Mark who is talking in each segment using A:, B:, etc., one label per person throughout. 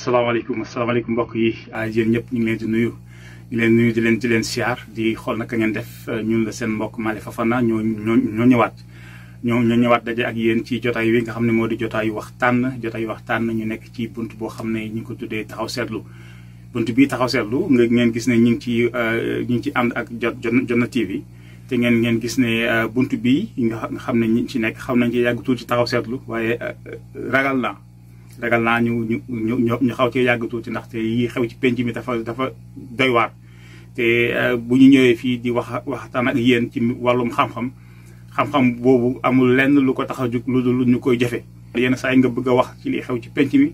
A: salaamaaleykum salaamaaleykum mbokk yi yéen ñëpp ñu ngi leen di nuyu ñu leen nuyu di leen di leen siyaar di xool naka ngeen def euh, ñun la seen mbokk Malick Fofana ñoo ñoo ñoo ñëwaat ñoo ñoo ñëwaat daje ak yéen ci jotaay wi nga xam ne moo di jotaayu waxtaan jotaayu waxtaan ñu nekk ci bunt boo xam ne ñu ngi ko tuddee taxaw seetlu bunt bii taxaw seetlu nga ngeen gis ne ñu ngi ci euh, ñu ngi ci ànd ak jot Jotna TV te ngeen ngeen gis ne euh, bunt bii xam ne ñu ci nekk xam nañ ci yàgg tuuti taxaw seetlu waaye ragal naa ragal naa ñu ñu ñu ñu xaw cee yàgg tuuti ndaxte yi xew ci penc mi dafa dafa doy te euh, bu ñu ñëwee fii di wax waxtaan ak yéen ci wàllum xam-xam boobu amul lenn lu ko tax a jug lu dul ñu koy jafe. yenn saa yi nga bëgg a wax ci lii xew ci penc mi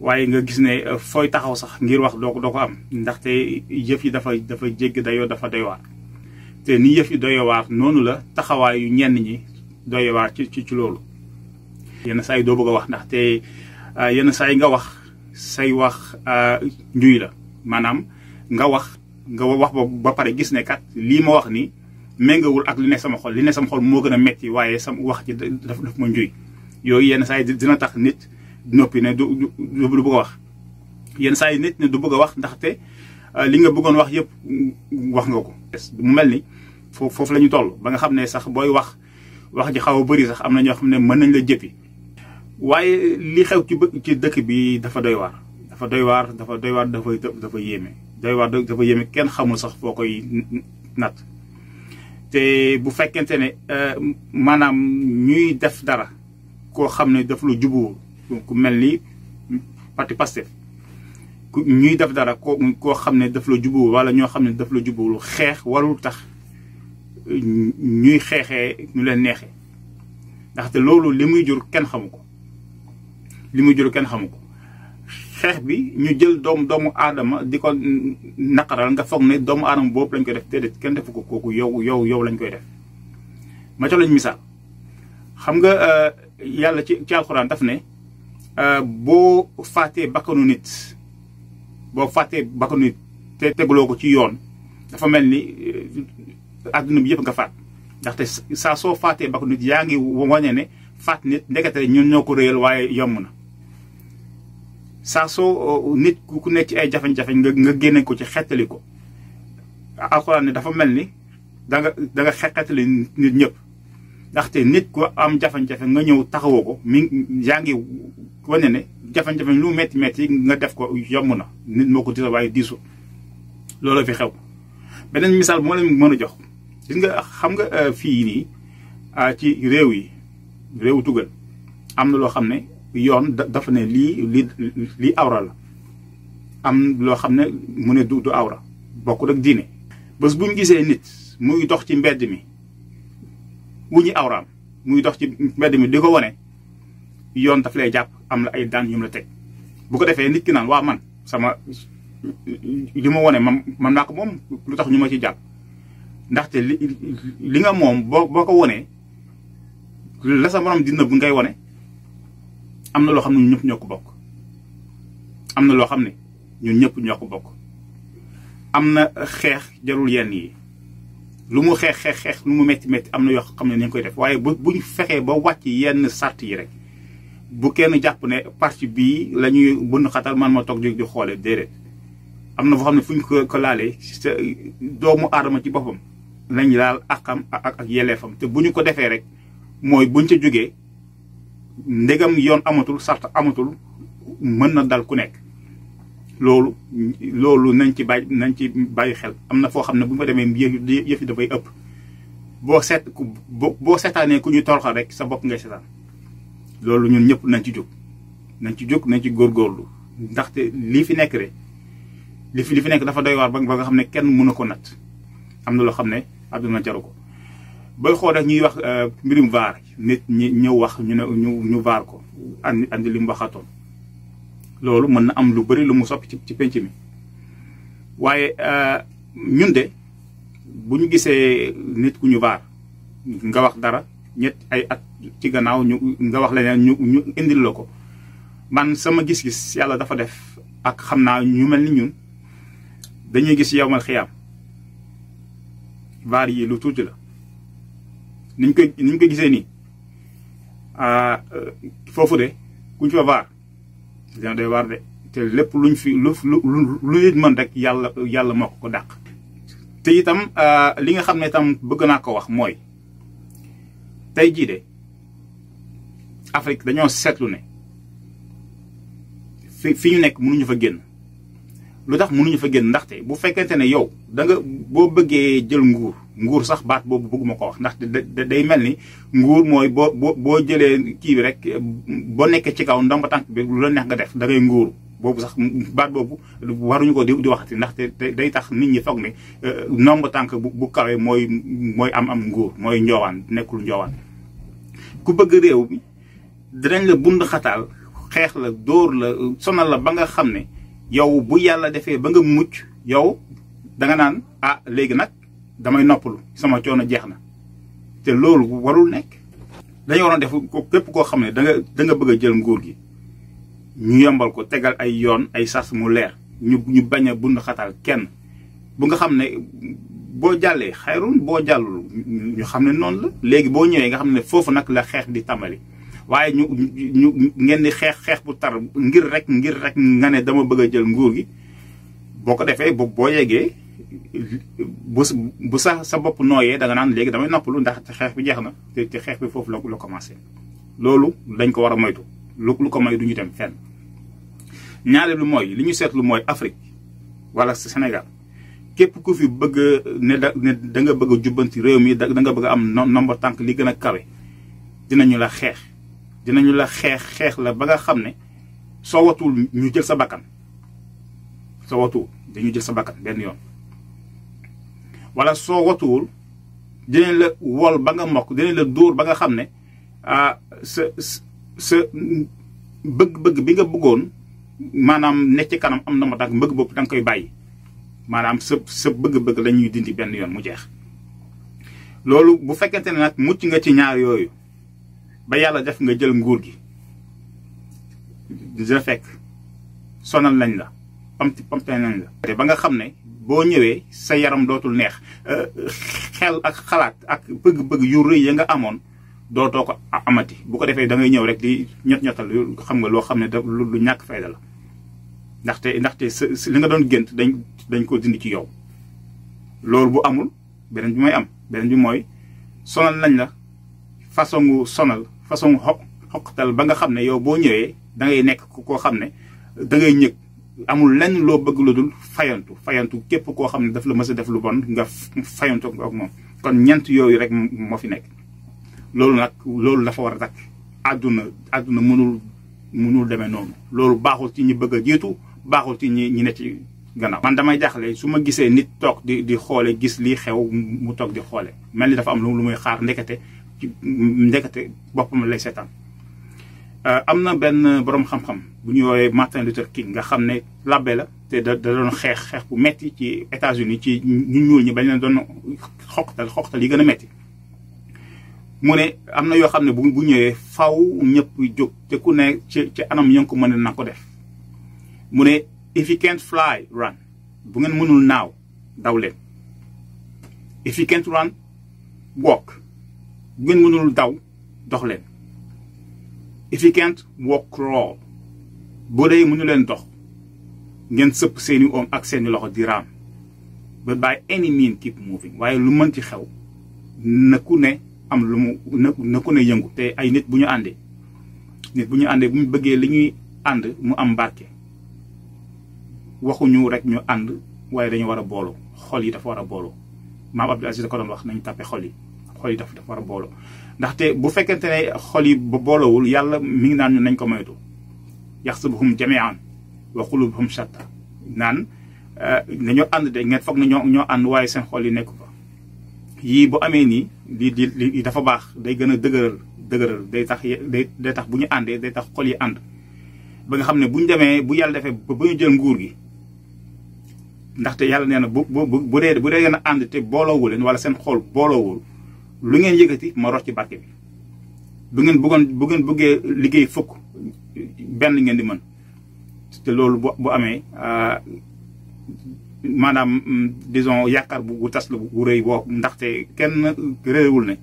A: waaye nga gis ne euh, fooy taxaw sax ngir wax doo ko doo ko am ndaxte yëf yi dafa dafa jégg dayoo dafa doy waar. te ni yëf yi doy noonu la taxawaayu ñenn ñi doywaar ci ci ci loolu. yenn saa yi doo bëgg wax ndaxte. Euh, yenn say ngawah, nga wax say wax ñuy euh, la ngawah nga wax nga wax ba paré gis né kat li ma wax ni mengawul ak li ne sama xol li ne sama xol mo gëna metti waaye sama wax ci daf daf mo ñuy yoy yenn say dina tax nit nopi ne du du bëgg wax yenn say nit ne du bëgg wax ndax té euh, li nga bëggon wax yépp wax nga ko mu melni ni lañu toll ba nga xamné sax boy wax wax ji xaw bari sax amna ño xamné mën nañ la jëppi waye li xew ci ci dëkk bi dafa doy war dafa doy war dafa doy war dafa dafa yéme doy war dafa yéme kenn xamul sax foo koy natt te bu fekkente ne manam ñuy def dara ko xamné ne daf lu jubu ku melni parti passé ku ñuy def dara ko ko xamné ne daf la jubuwul wala ño xamné ne lu jubu lu xex warul tax ñuy xexé ñu leen nexé ndax té loolu limuy jur kenn xamuko li mu jur kenn xamu ko xeex bi ñu jël doom doomu aadama di ko naqaral nga foog ne doomu aadama boobu lañ koy def déedéet kenn defu ko kooku yow yow yow lañ koy def ma jox lañ misaal xam nga euh, yàlla ci ci alxuraan daf ne euh, boo fàttee bakkanu nit boo fàttee bakkanu nit te tegloo ko ci yoon dafa mel ni àdduna euh, bi yëpp nga fàtt ndaxte saa soo fàttee bakkanu nit yaa ngi wane ne faat nit ndekete ñun ñoo ko réyal waaye yomb na saa soo uh, uh, nit ku nekk ci ay jafe-jafe nga nga génne ko ci xettali ko alxuraan ne dafa mel ni danga danga da nga nit ñëpp ndaxte nit ku am jafe-jafe nga ñëw taxawoo ko mi yaa ngi wane ne jafe-jafe lu metti métti nga def ko yomb na nit moo ko disa waaye diisu loolu fi xew beneen misaal bu ma leen mën a jox gis nga xam nga uh, fii nii ci réew yi réew tugal am na loo xam ne yoon dafa ne lii li li awra la am loo xam ne mu ne du du awra bokkul ak diine bés buñ gisee nit muy dox ci mbedd mi wu ñu awraam muy dox ci mbedd mi di ko wane yoon daf lay jàpp am la ay daan yu mu la teg bu ko defee nit ki naan waa man sama li ma wane man man naa ko moom lu tax ñu ma ci jàpp ndaxte li li nga moom boo boo ko wonee la sa morom dina bu ngay wone am na loo xam ne ñun ñëpp ñoo ko bokk am na loo xam ne ñun ñëpp ñoo ko am na xeex jarul yenn yi lu mu xeex xeex xeex lu mu metti métti am na yoo xam ne nañ koy def waaye bu buñ fexee ba wàcc yenn sart yi rek bu kenn jàpp ne parti bii lañuy ñuy bënn man ma toog di xoolee déedéet am na foo xam ne fu ñu ko ko laalee doomu aadama ci boppam lañ daal akam ak ak yelleefam te bu ñu ko defee rek mooy buñ ca jógee ndegam yoon amatul sart amatul mën na dal ku nekk loolu loolu nañ ci bàyyi nañ ci bàyyi xel am na foo xam ne bu ma demee yëf yëf yi dafay ëpp boo seet boo setaanee ku ñu toroxal rek sa bopp ngay seetaan loolu ñun ñëpp nañ ci jóg nañ ci jóg nañ ci góor góorlu ndaxte lii fi nekk rek li fi li fi nekk dafa doy waar ba nga xam ne kenn mënu ko natt am na loo xam ne àdduna jaru ko booy xool rek ñuy wax euh, mbirum vaar nit ñi ñëw wax ñu ne ñu ñu vaar ko andi andi li mu waxatoon loolu mën na am lu bari lu mu sopp ci ci penc mi waaye euh, ñun de bu ñu gisee nit ku ñu vaar nga wax dara ñett ay at ci gannaaw ñu nga wax leneen ñu ñu indil la ko man sama gis-gis yàlla dafa def ak xam naa ñu mel ni ñun dañuy gis yowmal xiyaam vaar yi lu tuuti la niñ koy niñ ko gisee nii ah, euh, foofu de kuñ fa waar dina doy waar de te lépp luñ fi lu lu nit mën rek yàlla yàlla moo ko ko dàq te itam ah, li nga xam ne itam bëgg naa ko wax mooy tey jii de Afrique dañoo seetlu ne fi fi ñu nekk mënuñu fa génn lu tax mënuñu fa génn ndaxte bu fekkente ne yow da nga boo bëggee jël nguur nguur sax baat boobu bëgguma ko wax ndax day mel ni nguur mooy boo boo boo jëlee kii bi rek boo nekkee ci kaw ndomba tànk bi lu la neex nga def da ngay boobu sax baat boobu waruñu ko di di waxati te day tax nit ñi foog ne euh, ndomba tànk bu bu kawee mooy mooy am am nguur mooy njoowaan nekkul njoowaan ku bëgg réew mi dinañ la bund xeex la dóor la sonal la ba nga xam ne yow bu yàlla defee ba nga mucc yow danga naan ah léegi nag damay noppalu sama coono jeex na te loolu warul nekk. dañu waroon defu ko képp koo xam ne da nga da nga bëgg a jël nguur gi ñu yombal ko tegal ay yoon ay sars mu leex ñu ñu bañ a bund xatal kenn bu nga xam ne boo jàllee xayrun boo jàllul ñu xam ne noonu la. léegi boo ñëwee nga xam ne foofu nag la xeex di tàmbali waaye ñu ñu ngeen di xeex xeex bu tar ngir rek ngir rek nga ne dama bëgg a jël nguur gi boo ko defee boo yeggee. bu bu sax sa ya, bop noyé da nga naan léegi damay noppalu ndax xex bi jeex na te te bi fofu la commencé loolu dañ ko wara moytu lu lu ko may duñu dem fenn ñaareelu mooy li ñu seetlu moy Afrique wala Sénégal képp ku fi bëgg ne da nga bëgg jubanti réew mi da nga bëgg am nombre tank li gëna kawé dinañu la xex dinañu la xex xex la ba nga xamné so watul ñu jël sa bakkan so watul dañu jël sa bakkan ben yoon wala soo watuwul dinañ la wol ba nga mokk dinañ la dóor ba nga xam ne ah sa sa bëgg-bëgg bi nga bëggoon maanaam ne ci kanam am na ma tànk mbëgg bopp da nga koy bàyyi maanaam sa sa bëgg-bëgg la dindi benn yoon mu jeex. loolu bu fekkente ne nag mucc nga ci ñaar yooyu ba yàlla def nga jël nguur gi dina sonal nañ la pamti pamte nañ la. ba nga xam ne. boo ñëwee sa yaram dootul neex euh, xel ak xalaat ak bëgg-bëgg yu rëy ya nga amoon dootoo ko amati bu ko defee da ngay ñëw rek di ñot ñotal xam nga loo xam ne da lu ñàkk fayda la ndaxte ndaxte sa li nga doon gént dañ dañ ko dindi ci yow loolu bu amul beneen bi mooy am beneen bi mooy sonal nañ la façon sonal façon tal ba nga xam ne yow boo ñëwee da ngay nekk koo xam ne da ngay amul lenn loo bëgg lu dul fayantu fayantu képp koo xam ne daf la mës a def lu bon nga fayantu ak moom kon ñent yooyu rek moo fi nekk loolu nag loolu dafa war a takk àdduna àdduna mënul mënul demee noonu loolu baaxul ci ñi bëgg a jiitu baaxul ci ñi ñi ne ci gannaaw man damay jaaxle su ma gisee nit toog di di xoole gis lii xew mu toog di xoole mel ni dafa am lu muy xaar ndekete ndekete boppam lay seetaan euh, am na benn boroom xam-xam bu ñuy woowee Martin Luther King nga xam ne labbe la te da da doon xeex xeex bu metti ci États-Unis ci ñu ñuul ñi bañ leen doon xoqtal xoqtal yi gën a metti mu ne am na yoo xam ne bu bu ñëwee faw ñëpp jóg te ku ne ci ci anam ya nga ko mën na ko def mu ne if you fly run bu ngeen mënul naaw daw leen if you can't run walk bu ngeen mënul daw dox leen if you boo dee mënu leen dox ngeen sëpp seeni om ak seeni loxo di raam but by any means keep waaye lu mën ci xew na ku ne am lu mu na ku ne yëngu te ay nit bu ñu àndee nit bu ñu àndee bu mu bëggee li ñuy ànd mu am barke waxuñu rek ñu ànd waaye dañu war a booloo xol yi dafa war a booloo maam Abdou Aziz da ko doon wax nañu tàppe xol yi xol yi dafa dafa war a booloo ndaxte bu fekkente ne xol yi ba booloowul yàlla mi ngi naan ñu nañ ko moytu yaxsubuhum jami'an wa qulubuhum shatta nan eh, nañoo and de ngeen fokk na ñoo ñoo and way seen xol yi nekk fa yi bu amé ni di di dafa bax day gëna a dëgëral day tax day tax bu ñu day tax xol yi and ba nga xamné buñu bu bu yalla défé buñu jël nguur gi ndaxte yàlla nee na bu bu dé bu dé gëna and té bolo booloowu leen wala seen xol booloowul lu ngeen yëkkati ma rocc ci barké bi bu ngeen bëggoon bu ngeen bëggé liggéey fukk benn ngeen di mën te loolu bu amee ah, maanaam mm, disons yaakaar bu bu tas la bu rëy boo ndaxte kenn réewul ne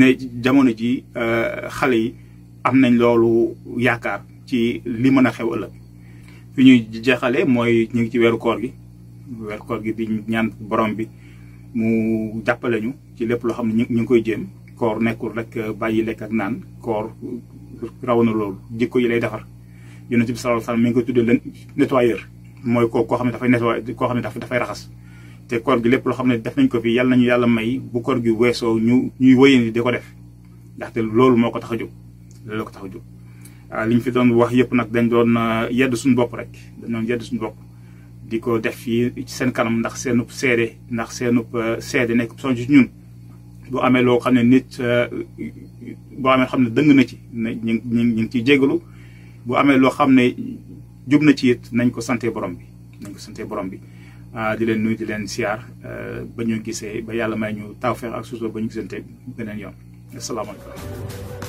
A: ne jamono ji ah, xale yi am nañ loolu yaakaar ci li mën a xew ëllëg fi ñuy jeexale mooy ñu ngi ci weeru koor gi weeru koor gi di ñaan borom bi mu jàppale ñu ci lépp loo xam ne ñu ngi koy jéem koor nekkul rek bàyyi lekk ak naan koor raw na loolu jikko yi lay defar yonent bi sallallahu alayhi wasallam mi ngi ko tuddee leen nettoyeur mooy ko ko xam ne dafay nettoyer koo xam ne dafay raxas te koor gi lépp loo xam ne def nañ ko fi yàlla nañu yàlla may bu koor gi weesoo ñu ñuy wéyandi di ko def ndaxte loolu moo ko tax a jóg loolu la ko tax a jóg ah, li ñu fi doon wax yëpp nag dañ doon ah, yedd suñu bopp rek dañ doon yedd suñu bopp di ko def fii ci seen kanam ndax seenub seede ndax seenub ah, seede nekk son ci bu amee loo xam ne nit euh, boo amee xam ne dëng na ci nañ ñu ñu ngi ciy jégalu bu amee loo xam ne jub na ci it nañ ko sante borom bi nañ ko sante borom bi ah, di leen nuy di leen siyaar euh, ba ñu gisee ba yàlla may ñu taw feex ak suusoo ba ñu gisante beneen yoon asalaamaaleykum